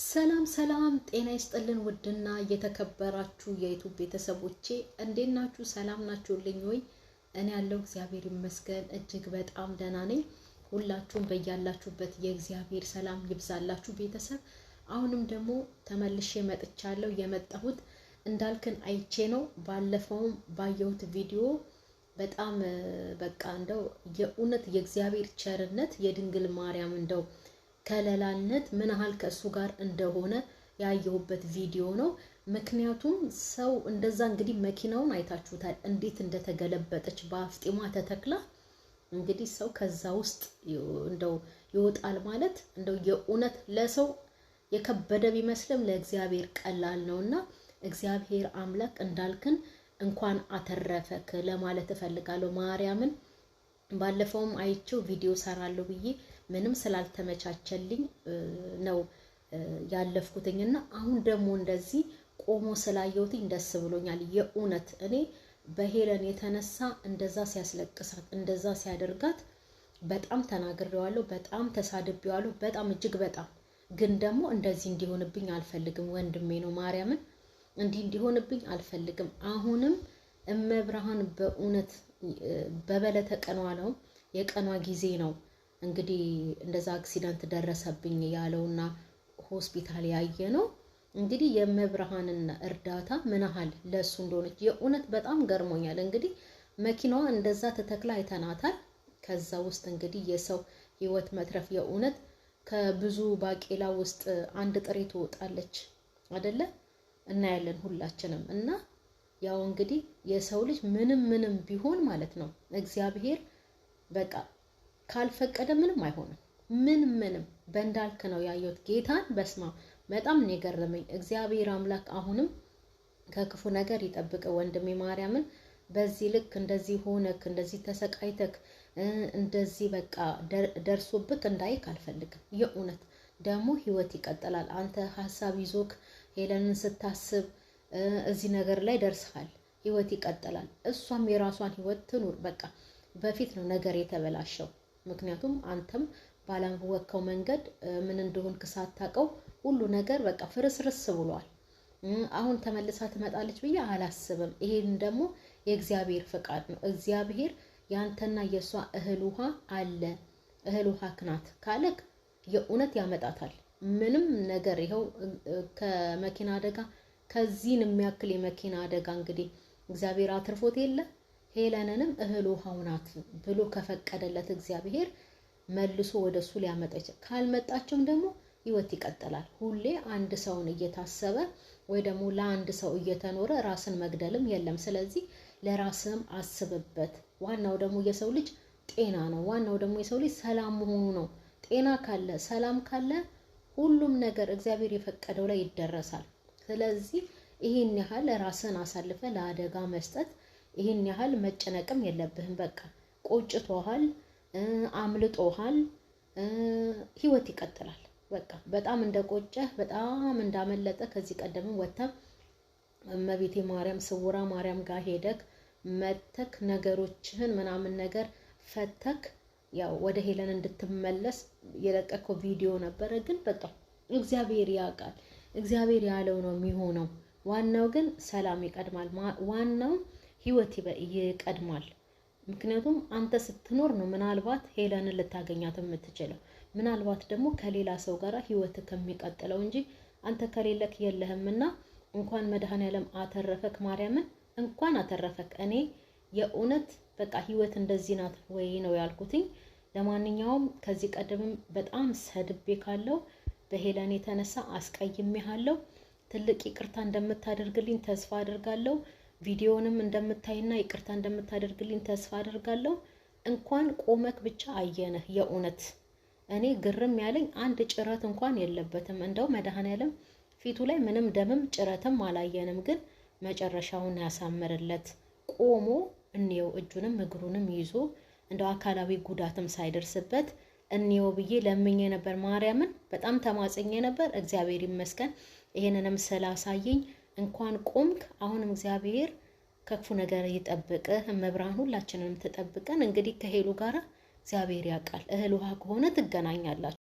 ሰላም ሰላም፣ ጤና ይስጥልን ውድና እየተከበራችሁ የዩቱብ ቤተሰቦቼ እንዴት ናችሁ? ሰላም ናችሁልኝ ወይ? እኔ ያለው እግዚአብሔር ይመስገን እጅግ በጣም ደህና ነኝ። ሁላችሁም በያላችሁበት የእግዚአብሔር ሰላም ይብዛላችሁ። ቤተሰብ አሁንም ደግሞ ተመልሼ መጥቻለሁ። የመጣሁት እንዳልክን አይቼ ነው። ባለፈውም ባየሁት ቪዲዮ በጣም በቃ እንደው የእውነት የእግዚአብሔር ቸርነት የድንግል ማርያም እንደው ከለላነት ምን ያህል ከእሱ ጋር እንደሆነ ያየሁበት ቪዲዮ ነው። ምክንያቱም ሰው እንደዛ እንግዲህ መኪናውን አይታችሁታል፣ እንዴት እንደተገለበጠች በአፍጢሟ ተተክላ። እንግዲህ ሰው ከዛ ውስጥ እንደው ይወጣል ማለት እንደው የእውነት ለሰው የከበደ ቢመስልም ለእግዚአብሔር ቀላል ነው እና እግዚአብሔር አምላክ እንዳልክን እንኳን አተረፈክ ለማለት እፈልጋለሁ። ማርያምን ባለፈውም አይቼው ቪዲዮ ሰራለሁ ብዬ ምንም ስላልተመቻቸልኝ ነው ያለፍኩትኝና አሁን ደግሞ እንደዚህ ቆሞ ስላየሁትኝ ደስ ብሎኛል። የእውነት እኔ በሄለን የተነሳ እንደዛ ሲያስለቅሳት እንደዛ ሲያደርጋት በጣም ተናግሬዋለሁ፣ በጣም ተሳድቤዋለሁ፣ በጣም እጅግ በጣም ግን ደግሞ እንደዚህ እንዲሆንብኝ አልፈልግም። ወንድሜ ነው ማርያምን እንዲህ እንዲሆንብኝ አልፈልግም። አሁንም እመብርሃን በእውነት በበለተ ቀኗ ነው የቀኗ ጊዜ ነው እንግዲህ እንደዛ አክሲዳንት ደረሰብኝ ያለውና ሆስፒታል ያየ ነው እንግዲህ የመብርሃንን እርዳታ ምን ያህል ለእሱ እንደሆነች የእውነት በጣም ገርሞኛል። እንግዲህ መኪናዋ እንደዛ ተተክላ አይተናታል። ከዛ ውስጥ እንግዲህ የሰው ህይወት መትረፍ የእውነት ከብዙ ባቄላ ውስጥ አንድ ጥሬ ትወጣለች አደለ? እናያለን ሁላችንም። እና ያው እንግዲህ የሰው ልጅ ምንም ምንም ቢሆን ማለት ነው እግዚአብሔር በቃ ካልፈቀደ ምንም አይሆንም። ምን ምንም በእንዳልክ ነው ያየሁት። ጌታን በስማ በጣም ነው የገረመኝ። እግዚአብሔር አምላክ አሁንም ከክፉ ነገር ይጠብቅ ወንድሜ ማርያምን። በዚህ ልክ እንደዚህ ሆነክ እንደዚህ ተሰቃይተክ እንደዚህ በቃ ደርሶብክ እንዳይክ አልፈልግም። የእውነት ደግሞ ህይወት ይቀጥላል። አንተ ሀሳብ ይዞክ ሄለንን ስታስብ እዚህ ነገር ላይ ደርስሃል። ህይወት ይቀጥላል። እሷም የራሷን ህይወት ትኑር። በቃ በፊት ነው ነገር የተበላሸው። ምክንያቱም አንተም ባላወቅከው መንገድ ምን እንደሆን ሳታውቀው ሁሉ ነገር በቃ ፍርስርስ ብሏል። አሁን ተመልሳ ትመጣለች ብዬ አላስብም። ይሄን ደግሞ የእግዚአብሔር ፈቃድ ነው። እግዚአብሔር ያንተና የእሷ እህል ውሃ አለ እህል ውሃ ክናት ካለክ የእውነት ያመጣታል። ምንም ነገር ይኸው ከመኪና አደጋ ከዚህን የሚያክል የመኪና አደጋ እንግዲህ እግዚአብሔር አትርፎት የለም። ሄለንንም እህል ውሃው ናት ብሎ ከፈቀደለት እግዚአብሔር መልሶ ወደ እሱ ሊያመጣ ካልመጣቸውም ደግሞ ህይወት ይቀጥላል። ሁሌ አንድ ሰውን እየታሰበ ወይ ደግሞ ለአንድ ሰው እየተኖረ ራስን መግደልም የለም። ስለዚህ ለራስም አስብበት። ዋናው ደግሞ የሰው ልጅ ጤና ነው። ዋናው ደግሞ የሰው ልጅ ሰላም መሆኑ ነው። ጤና ካለ፣ ሰላም ካለ ሁሉም ነገር እግዚአብሔር የፈቀደው ላይ ይደረሳል። ስለዚህ ይህን ያህል ራስን አሳልፈ ለአደጋ መስጠት ይህን ያህል መጨነቅም የለብህም። በቃ ቆጭቶሃል፣ አምልጦሃል፣ ህይወት ይቀጥላል። በቃ በጣም እንደቆጨህ በጣም እንዳመለጠ ከዚህ ቀደምም ወጥተህ እመቤቴ ማርያም ስውራ ማርያም ጋር ሄደክ መተክ ነገሮችህን ምናምን ነገር ፈተክ ያው ወደ ሄለን እንድትመለስ የለቀከው ቪዲዮ ነበረ። ግን በቃ እግዚአብሔር ያውቃል። እግዚአብሔር ያለው ነው የሚሆነው። ዋናው ግን ሰላም ይቀድማል። ዋናው ህይወት ይቀድማል። ምክንያቱም አንተ ስትኖር ነው ምናልባት ሄለንን ልታገኛት የምትችለው። ምናልባት ደግሞ ከሌላ ሰው ጋር ህይወት ከሚቀጥለው እንጂ አንተ ከሌለክ የለህም። እና እንኳን መድኃኔዓለም አተረፈክ፣ ማርያምን እንኳን አተረፈክ። እኔ የእውነት በቃ ህይወት እንደዚህ ናት ወይ ነው ያልኩትኝ። ለማንኛውም ከዚህ ቀደምም በጣም ሰድቤ ካለው በሄለን የተነሳ አስቀይሜሃለሁ። ትልቅ ይቅርታ እንደምታደርግልኝ ተስፋ አድርጋለሁ። ቪዲዮንም እንደምታይና ይቅርታ እንደምታደርግልኝ ተስፋ አደርጋለሁ። እንኳን ቆመክ ብቻ አየነህ። የእውነት እኔ ግርም ያለኝ አንድ ጭረት እንኳን የለበትም። እንደው መድኃኔዓለም ፊቱ ላይ ምንም ደምም ጭረትም አላየንም። ግን መጨረሻውን ያሳምርለት። ቆሞ እንየው፣ እጁንም እግሩንም ይዞ እንደው አካላዊ ጉዳትም ሳይደርስበት እንየው ብዬ ለምኜ ነበር። ማርያምን በጣም ተማጽኜ ነበር። እግዚአብሔር ይመስገን ይሄንንም ስላሳየኝ እንኳን ቆምክ። አሁንም እግዚአብሔር ከክፉ ነገር ይጠብቅህ። መብራን ሁላችንንም ትጠብቀን። እንግዲህ ከሄሉ ጋራ እግዚአብሔር ያውቃል። እህል ውሃ ከሆነ ትገናኛላችሁ።